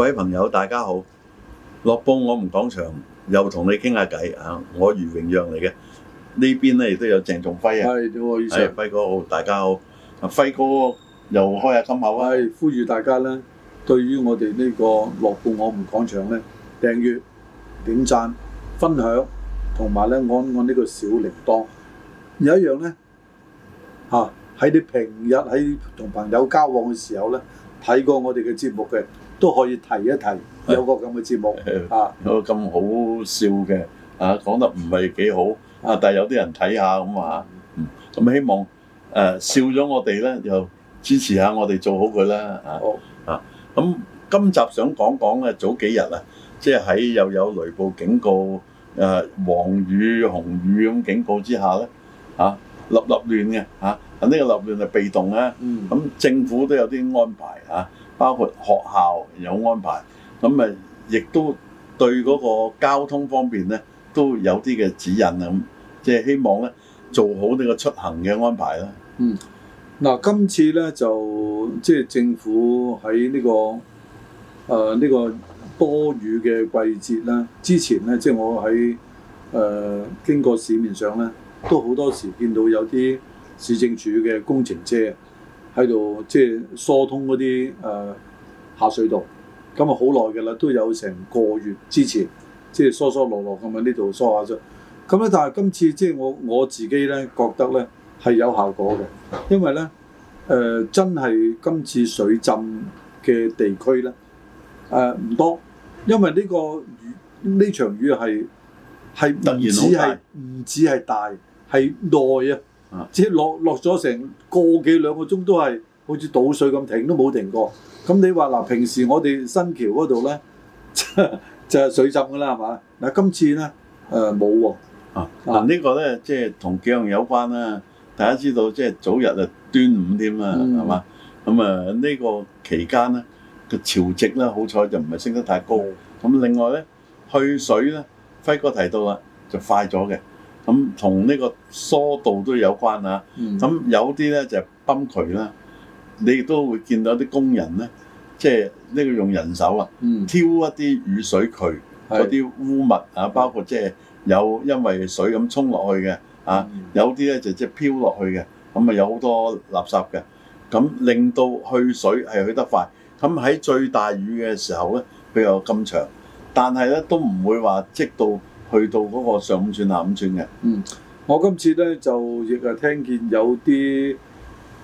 各位朋友，大家好！樂報我們講場又同你傾下偈啊！我余榮讓嚟嘅呢邊咧，亦都有鄭仲輝啊！係，你好，餘榮、哎、輝哥，好，大家好！啊、輝哥又開下金口啊！呼籲大家咧，對於我哋呢個樂報我們講場咧訂閱、點贊、分享，同埋咧按按呢個小鈴鐺。有一樣咧嚇，喺、啊、你平日喺同朋友交往嘅時候咧，睇過我哋嘅節目嘅。都可以提一提，有個咁嘅節目，有個咁好笑嘅，啊講得唔係幾好，啊但係有啲人睇下咁啊，咁希望誒笑咗我哋咧，又支持下我哋做好佢啦，啊啊咁今集想講講嘅早幾日啊，即係喺又有雷暴警告，誒黃雨紅雨咁警告之下咧，嚇立立亂嘅，嚇呢個立亂係被動咧，咁政府都有啲安排嚇。包括學校有安排，咁啊，亦都對嗰個交通方面咧都有啲嘅指引啊，咁即係希望咧做好呢個出行嘅安排啦。嗯，嗱，今次咧就即係、就是、政府喺呢、這個誒呢、呃這個多雨嘅季節啦，之前咧即係我喺誒、呃、經過市面上咧，都好多時見到有啲市政署嘅工程車。喺度即係疏通嗰啲誒下水道，咁啊好耐嘅啦，都有成個月之前，即係疏疏落落咁樣呢度疏下咗。咁咧，但係今次即係我我自己咧覺得咧係有效果嘅，因為咧誒、呃、真係今次水浸嘅地區咧誒唔多，因為呢、呢個呢場雨係係唔止係唔止係大，係耐啊！啊！即係落落咗成個幾兩個鐘都係好似倒水咁停都冇停過。咁你話嗱，平時我哋新橋嗰度咧就係水浸㗎啦，係嘛？嗱，今次咧誒冇喎。啊！嗱，呢個咧即係同幾樣有關啦。大家知道即係早日啊端午添啊，係嘛？咁啊呢個期間咧個潮汐咧好彩就唔係升得太高。咁另外咧去水咧輝哥提到啦就快咗嘅。咁同呢個疏導都有關啊！咁、嗯、有啲咧就係、是、泵渠啦，你亦都會見到啲工人咧，即係呢個用人手啊，嗯、挑一啲雨水渠嗰啲是污物啊，包括即係有因為水咁沖落去嘅啊，嗯、有啲咧就即係漂落去嘅，咁啊有好多垃圾嘅，咁令到去水係去得快，咁喺最大雨嘅時候咧，佢有咁長，但係咧都唔會話積到。去到嗰個上五轉下五轉嘅。嗯，我今次咧就亦係聽見有啲誒、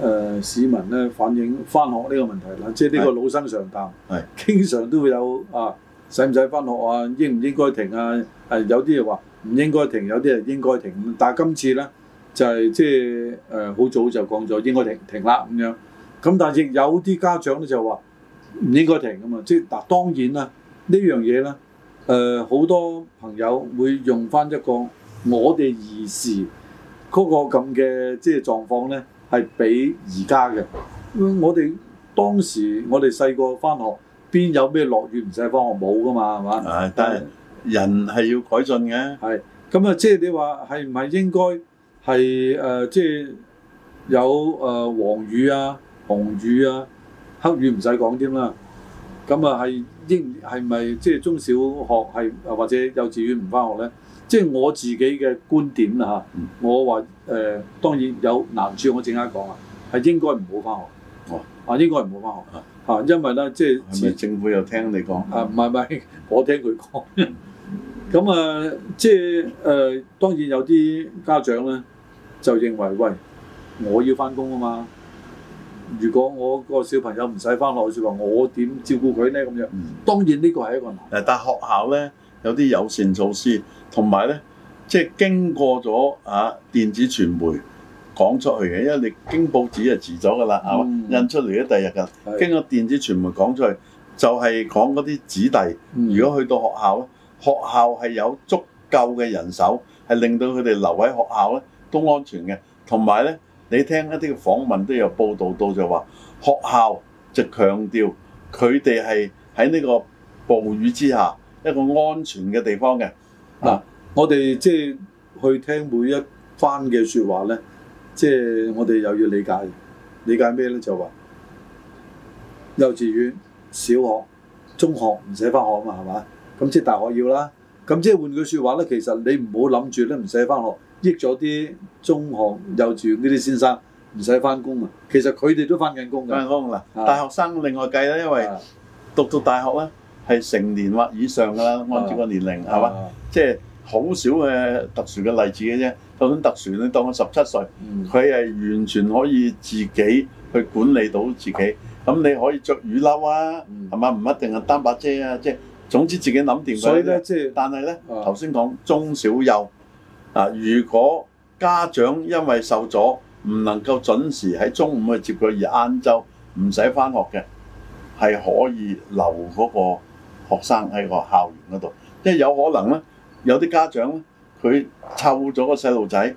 呃、市民咧反映返學呢個問題啦，即係呢個老生常談，係的經常都會有啊，使唔使返學啊？應唔應該停啊？係、呃、有啲人話唔應該停，有啲人應該停。但係今次咧就係、是、即係誒好早就講咗應該停停啦咁樣。咁但係亦有啲家長咧就話唔應該停㗎嘛，即係嗱當然啦呢樣嘢咧。誒好、呃、多朋友會用翻一個我哋兒時嗰個咁嘅即係狀況咧，係比而家嘅。我哋當時，我哋細個翻學，邊有咩落雨唔使翻學，冇㗎嘛係嘛？誒，但係人係要改進嘅。係咁啊，即係你話係唔係應該係誒？即、呃、係、即係、有誒、呃、黃雨啊、紅雨啊、黑雨唔使講添啦。咁啊，係應係咪即係中小學係或者幼稚園唔翻學咧？即、就、係、是、我自己嘅觀點啦、嗯、我話誒、呃、當然有難處，我陣間講啊，係應該唔好翻學。哦，啊應該唔好翻學啊，嚇，因為咧即係。係、就、咪、是、政府又聽你講？啊唔係唔係， 我聽佢講。咁 啊，即係誒當然有啲家長咧就認為喂，我要翻工啊嘛。如果我個小朋友唔使翻學，是話我點照顧佢呢咁樣？當然呢個係一個難。誒，但學校呢有啲友善措施，同埋呢即係經過咗啊電子傳媒講出去嘅，因為你經報紙就遲咗噶啦，嚇嘛印出嚟咧第日嘅。經過電子傳媒講出去，就係講嗰啲子弟如果去到學校呢，學校係有足夠嘅人手，係令到佢哋留喺學校呢都安全嘅，同埋呢。你聽一啲訪問都有報道到就，就話學校就強調佢哋係喺呢個暴雨之下一個安全嘅地方嘅嗱、啊，我哋即係去聽每一番嘅説話咧，即係我哋又要理解理解咩咧？就話幼稚園、小學、中學唔使返學啊嘛，係嘛？咁即係大學要啦。咁即係換句説話咧，其實你唔好諗住咧，唔使返學。益咗啲中學、幼稚園呢啲先生唔使翻工啊！其實佢哋都翻緊工㗎。翻緊工嗱，大學生另外計啦，因為讀到大學咧係成年或以上㗎啦，按照個年齡係嘛，即係好少嘅特殊嘅例子嘅啫。就算特殊，你當我十七歲，佢係完全可以自己去管理到自己。咁你可以着雨褸啊，係嘛？唔一定係擔把遮啊，即係總之自己諗掂。所以咧，即係但係咧，頭先講中小幼。啊！如果家長因為受阻唔能夠準時喺中午去接佢，而晏晝唔使返學嘅，係可以留嗰個學生喺個校園嗰度，即係有可能咧，有啲家長咧佢湊咗個細路仔，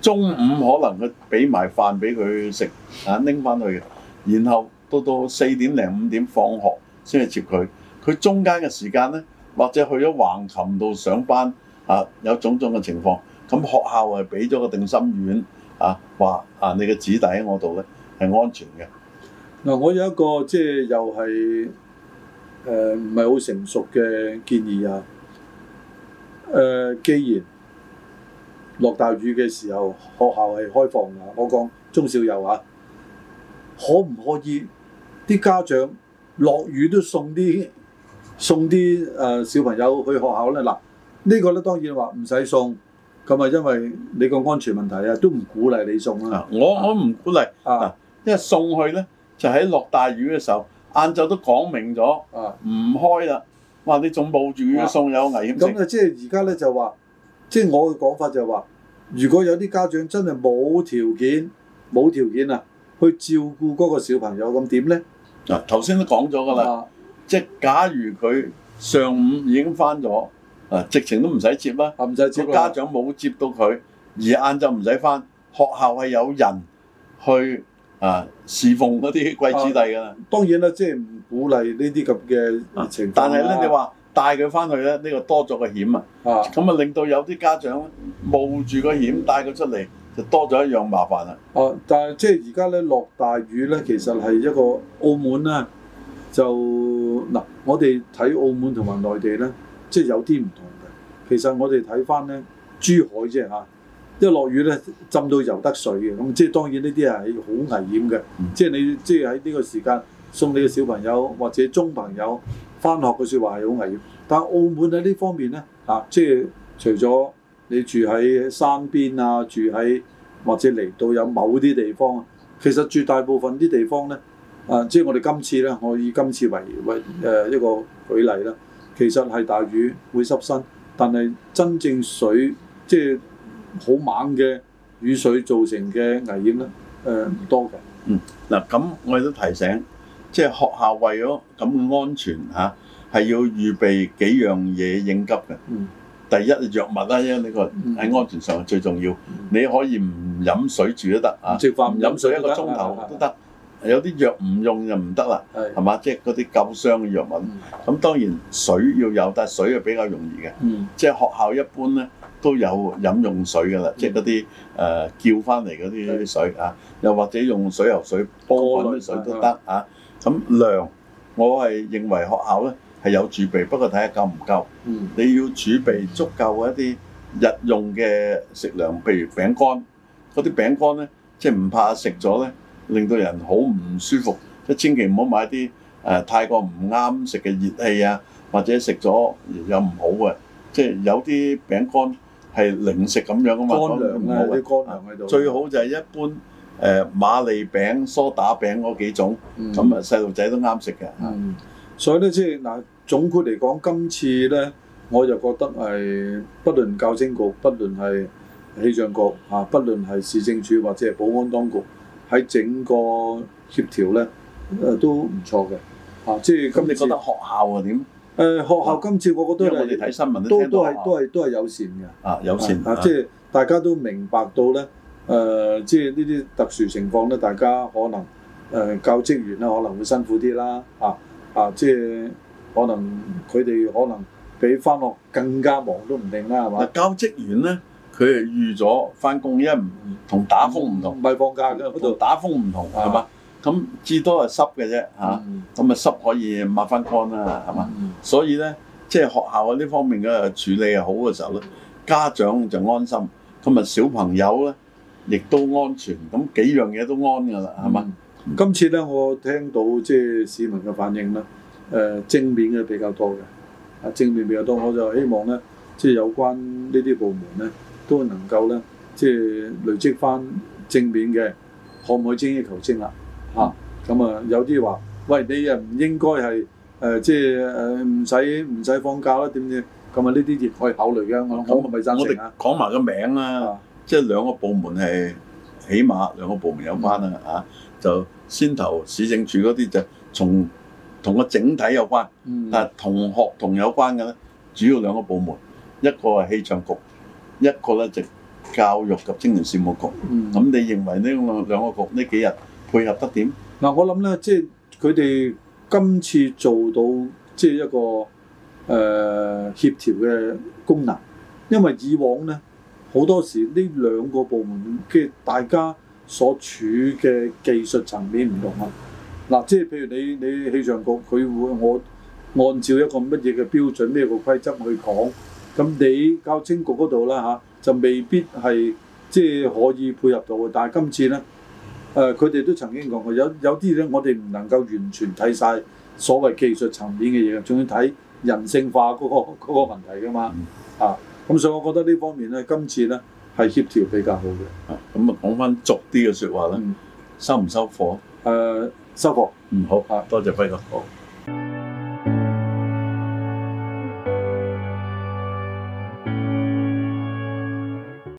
中午可能佢俾埋飯俾佢食啊，拎返去，然後到到四點零五點放學先去接佢，佢中間嘅時間咧，或者去咗橫琴度上班啊，有種種嘅情況。咁學校係俾咗個定心丸。啊，話啊你嘅子弟喺我度咧係安全嘅。嗱、啊，我有一個即係又係誒唔係好成熟嘅建議啊。誒、呃，既然落大雨嘅時候學校係開放啊。我講中小幼啊，可唔可以啲家長落雨都送啲送啲誒、呃、小朋友去學校咧？嗱、啊，呢、這個咧當然話唔使送。咁啊，因為你個安全問題啊，都唔鼓勵你送啦、啊。我我唔鼓勵啊，因為送去咧就喺落大雨嘅時候，晏晝都講明咗，唔、啊、開啦。哇，你仲冒住去、啊、送有危險性。咁啊，即係而家咧就話，即係我嘅講法就話、係，如果有啲家長真係冇條件，冇條件啊，去照顧嗰個小朋友，咁點咧？嗱、啊，頭先都講咗㗎啦，啊、即係假如佢上午已經翻咗。啊！直情都唔使接啦，唔使、啊、接。家長冇接到佢，而晏晝唔使翻學校係有人去啊侍奉嗰啲貴子弟㗎啦。啊、當然啦，即係唔鼓勵呢啲咁嘅事情。啊、但係咧，啊、你話帶佢翻去咧，呢、呢個多咗個險啊！咁啊令到有啲家長冒住個險帶佢出嚟，就多咗一樣麻煩啦。啊！但係即係而家咧落大雨咧，其實係一個澳門咧就嗱，我哋睇澳門同埋內地咧。即係有啲唔同嘅。其實我哋睇翻咧，珠海即係嚇，一落雨咧浸到游得水嘅，咁即係當然呢啲係好危險嘅，即係你即係喺呢個時間送你嘅小朋友或者中朋友翻學嘅説話係好危險。但係澳門喺呢方面咧，啊，即係除咗你住喺山邊啊，住喺或者嚟到有某啲地方，其實絕大部分啲地方咧，啊，即係我哋今次咧，我以今次為為誒、呃、一個舉例啦。其實係大雨會濕身，但係真正水即係好猛嘅雨水造成嘅危險咧，誒唔多嘅。嗯，嗱咁我亦都提醒，即係學校為咗咁嘅安全吓，係要預備幾樣嘢應急嘅。嗯，第一藥物啦，因為呢個喺安全上係最重要。你可以唔飲水住都得啊，唔食飯唔飲水一個鐘頭都得。有啲藥唔用就唔得啦，係嘛？即係嗰啲救傷嘅藥物。咁當然水要有，但係水係比較容易嘅。即係學校一般咧都有飲用水㗎啦，即係嗰啲誒叫翻嚟嗰啲水啊，又或者用水油水煲滾啲水都得啊。咁量我係認為學校咧係有儲備，不過睇下夠唔夠。你要儲備足夠一啲日用嘅食糧，譬如餅乾。嗰啲餅乾咧，即係唔怕食咗咧。令到人好唔舒服，即千祈唔好買啲誒、呃、太過唔啱食嘅熱氣啊，或者食咗有唔好嘅，即係有啲餅乾係零食咁樣啊嘛，乾糧啊啲乾糧喺度。最好就係一般誒馬利餅、梳打餅嗰幾種，咁啊細路仔都啱食嘅。嗯，嗯所以咧即係嗱總括嚟講，今次咧我就覺得係不論教青局，不論係氣象局啊，不論係市政署或者係保安當局。喺整個協調咧，誒、呃、都唔錯嘅嚇。即係咁，你覺得學校係點？誒、呃、學校今次我覺得我哋睇新聞都都係都係都係友善嘅。啊，友善啊！啊啊即係大家都明白到咧，誒、呃、即係呢啲特殊情況咧，大家可能誒、呃、教職員咧可能會辛苦啲啦。啊啊！即係可能佢哋可能比翻學更加忙都唔定啦，係嘛、啊？啊、教職員咧？佢係預咗翻工，因為同打風唔同，唔係、嗯、放假嘅，嗰度打風唔同係嘛？咁至、啊、多係濕嘅啫嚇，咁啊、嗯、濕可以抹翻乾啦係嘛？嗯、所以咧，即係學校嗰呢方面嘅處理係好嘅時候咧，家長就安心，同埋小朋友咧亦都安全，咁幾樣嘢都安嘅啦係嘛？今次咧，我聽到即係市民嘅反應咧，誒、呃、正面嘅比較多嘅，啊正面比較多，我就希望咧，即係有關呢啲部門咧。都能夠咧，即係累積翻正面嘅，可唔可以精益求精啦？嚇咁啊，啊有啲話，喂，你啊唔應該係誒、呃，即係誒唔使唔使放假啦？點點咁啊？呢啲亦可以考慮嘅。我我咪咪贊成、啊、我哋講埋個名啦、啊，即係兩個部門係起碼兩個部門有關啦、啊，啊就先頭市政署嗰啲就從同個整體有關，但係、嗯、同學同有關嘅咧，主要兩個部門，一個係氣象局。一個咧就是、教育及青年事務局，咁、嗯、你認為呢呢兩個局呢幾日配合得點？嗱、嗯，我諗咧，即係佢哋今次做到即係、就是、一個誒、呃、協調嘅功能，因為以往咧好多時呢兩個部門即係大家所處嘅技術層面唔同啊。嗱、嗯，即、就、係、是、譬如你你氣象局，佢會我按照一個乜嘢嘅標準、咩個規則去講。咁你教青局嗰度啦嚇，就未必係即係可以配合到嘅。但係今次呢，誒佢哋都曾經講過，有有啲咧我哋唔能夠完全睇晒所謂技術層面嘅嘢，仲要睇人性化嗰個嗰個問題㗎嘛。啊，咁所以我覺得呢方面呢，今次呢係協調比較好嘅。嗯、啊，咁啊講翻俗啲嘅説話啦，收唔收貨？誒，收貨。唔好，係多謝輝哥。好。